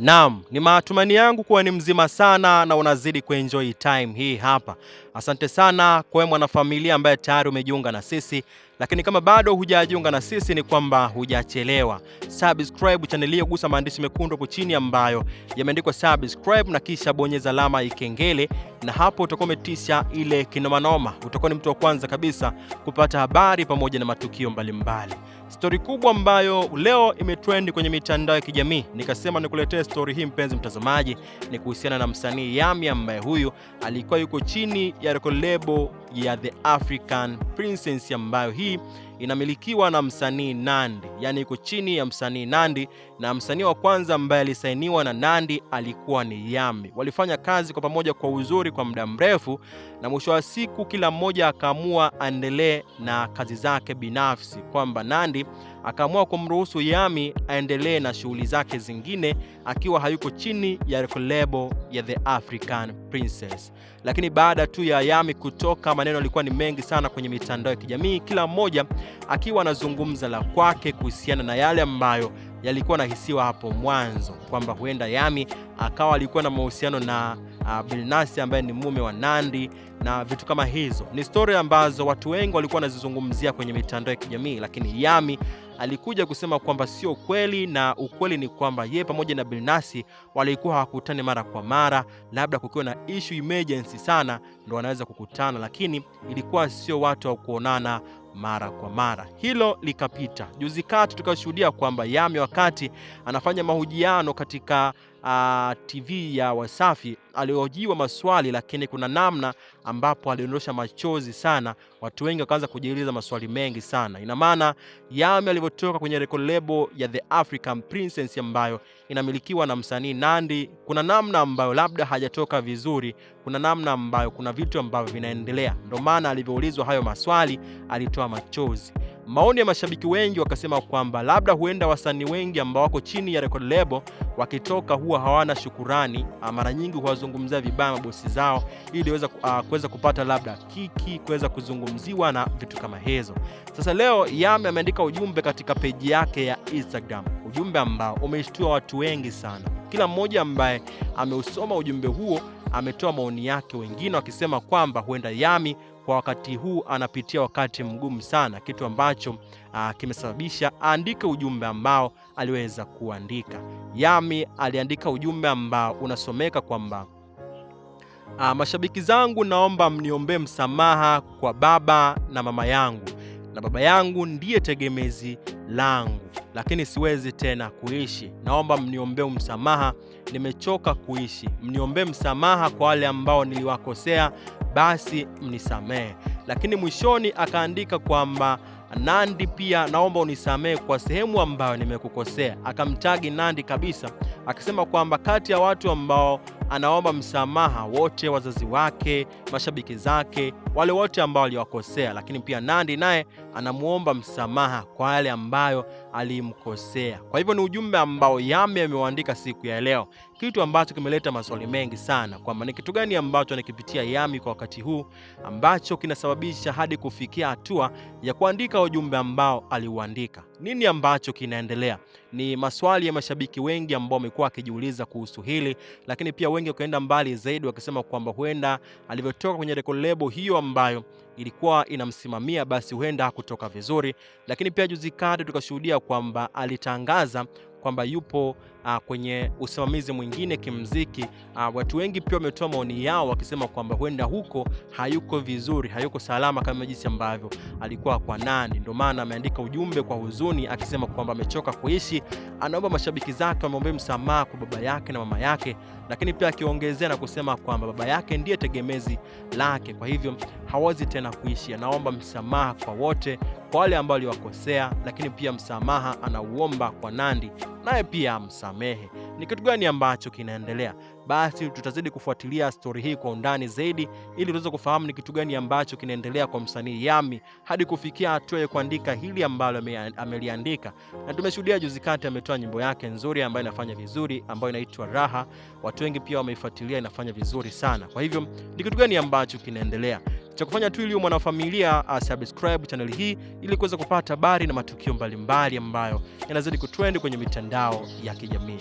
Naam, ni matumaini yangu kuwa ni mzima sana na unazidi kuenjoy time hii hapa. Asante sana kwa mwanafamilia ambaye tayari umejiunga na sisi, lakini kama bado hujajiunga na sisi ni kwamba hujachelewa. Subscribe channel hiyo, gusa maandishi mekundu hapo chini ambayo yameandikwa subscribe, na kisha bonyeza alama ikengele, na hapo utakuwa umetisha ile kinomanoma. Utakuwa ni mtu wa kwanza kabisa kupata habari pamoja na matukio mbalimbali mbali. Stori kubwa ambayo leo imetrend kwenye mitandao ya kijamii, nikasema nikuletee stori hii mpenzi mtazamaji, ni kuhusiana na msanii yami ambaye huyu alikuwa yuko chini ya rekolebo ya The African Princess ambayo hii inamilikiwa na msanii Nandi, yaani iko chini ya msanii Nandi, na msanii wa kwanza ambaye alisainiwa na Nandi alikuwa ni yami Walifanya kazi kwa pamoja kwa uzuri kwa muda mrefu, na mwisho wa siku kila mmoja akaamua aendelee na kazi zake binafsi, kwamba Nandi akaamua kumruhusu Yami aendelee na shughuli zake zingine akiwa hayuko chini ya lebo ya The African Princess. Lakini baada tu ya Yami kutoka, maneno yalikuwa ni mengi sana kwenye mitandao ya kijamii, kila mmoja akiwa anazungumza la kwake kuhusiana na yale ambayo yalikuwa nahisiwa hapo mwanzo kwamba huenda Yami akawa alikuwa na mahusiano na uh, ah, Bilnasi ambaye ni mume wa Nandi na vitu kama hizo. Ni stori ambazo watu wengi walikuwa wanazizungumzia kwenye mitandao ya kijamii, lakini Yami alikuja kusema kwamba sio kweli, na ukweli ni kwamba yeye pamoja na Bilnasi walikuwa hawakutani mara kwa mara, labda kukiwa na issue emergency sana ndo wanaweza kukutana, lakini ilikuwa sio watu wa kuonana mara kwa mara. Hilo likapita. Juzi kati tukashuhudia kwamba Yami wakati anafanya mahojiano katika uh, TV ya Wasafi aliojiwa maswali, lakini kuna namna ambapo aliondosha machozi sana. Watu wengi wakaanza kujiuliza maswali mengi sana, ina maana Yammy alivyotoka kwenye record label ya The African Princess ambayo inamilikiwa na msanii nandi kuna namna ambayo labda hajatoka vizuri, kuna namna ambayo kuna vitu ambavyo vinaendelea. Ndio maana alivyoulizwa hayo maswali alitoa machozi. Maoni ya mashabiki wengi wakasema kwamba labda huenda wasanii wengi ambao wako chini ya record label wakitoka huwa hawana shukurani, ah, mara nyingi huwazungumzia vibaya mabosi zao ili ah, kuweza uh, kupata labda kiki, kuweza kuzungumziwa na vitu kama hizo. Sasa leo Yammy ameandika ujumbe katika peji yake ya Instagram, ujumbe ambao umeshtua watu wengi sana. Kila mmoja ambaye ameusoma ujumbe huo ametoa maoni yake, wengine wakisema kwamba huenda yami kwa wakati huu anapitia wakati mgumu sana, kitu ambacho uh, kimesababisha aandike ujumbe ambao aliweza kuandika. Yami aliandika ujumbe ambao unasomeka kwamba uh, mashabiki zangu, naomba mniombee msamaha kwa baba na mama yangu na baba yangu ndiye tegemezi langu, lakini siwezi tena kuishi. Naomba mniombee msamaha, nimechoka kuishi. Mniombee msamaha kwa wale ambao niliwakosea basi mnisamehe. Lakini mwishoni akaandika kwamba Nandi, pia naomba unisamehe kwa sehemu ambayo nimekukosea. Akamtagi Nandi kabisa, akisema kwamba kati ya watu ambao anaomba msamaha wote wazazi wake, mashabiki zake wale wote ambao aliwakosea, lakini pia Nandi naye anamwomba msamaha kwa yale ambayo alimkosea. Kwa hivyo ni ujumbe ambao Yambe amewaandika siku ya leo, kitu ambacho kimeleta maswali mengi sana, kwamba ni kitu gani ambacho anakipitia yami kwa wakati huu ambacho kinasababisha hadi kufikia hatua ya kuandika ujumbe ambao aliuandika. Nini ambacho kinaendelea? Ni maswali ya mashabiki wengi ambao wamekuwa wakijiuliza kuhusu hili, lakini pia wengi wakaenda mbali zaidi wakisema kwamba huenda alivyotoka kwenye rekolebo hiyo ambayo ilikuwa inamsimamia basi huenda hakutoka vizuri, lakini pia juzi kati tukashuhudia kwamba alitangaza kwamba yupo a, ah, kwenye usimamizi mwingine kimziki. A, ah, watu wengi pia wametoa maoni yao wakisema kwamba huenda huko hayuko vizuri, hayuko salama kama jinsi ambavyo alikuwa kwa nani. Ndio maana ameandika ujumbe kwa huzuni akisema kwamba amechoka kuishi, anaomba mashabiki zake wamwombee msamaha kwa baba yake na mama yake, lakini pia akiongezea na kusema kwamba baba yake ndiye tegemezi lake, kwa hivyo hawezi tena kuishi, anaomba msamaha kwa wote kwa wale ambao aliwakosea, lakini pia msamaha anauomba kwa Nandi, naye pia amsamehe. Ni kitu gani ambacho kinaendelea? Basi tutazidi kufuatilia stori hii kwa undani zaidi, ili tuweze kufahamu ni kitu gani ambacho kinaendelea kwa msanii yami hadi kufikia hatua ya kuandika hili ambalo ameliandika. Na tumeshuhudia juzi kati ametoa nyimbo yake nzuri ambayo inafanya vizuri, ambayo inaitwa Raha. Watu wengi pia wameifuatilia, inafanya vizuri sana. Kwa hivyo ni kitu gani ambacho kinaendelea? Cha kufanya tu iliyo mwanafamilia, uh, subscribe channel hii ili kuweza kupata habari na matukio mbalimbali ambayo yanazidi kutrend kwenye mitandao ya kijamii.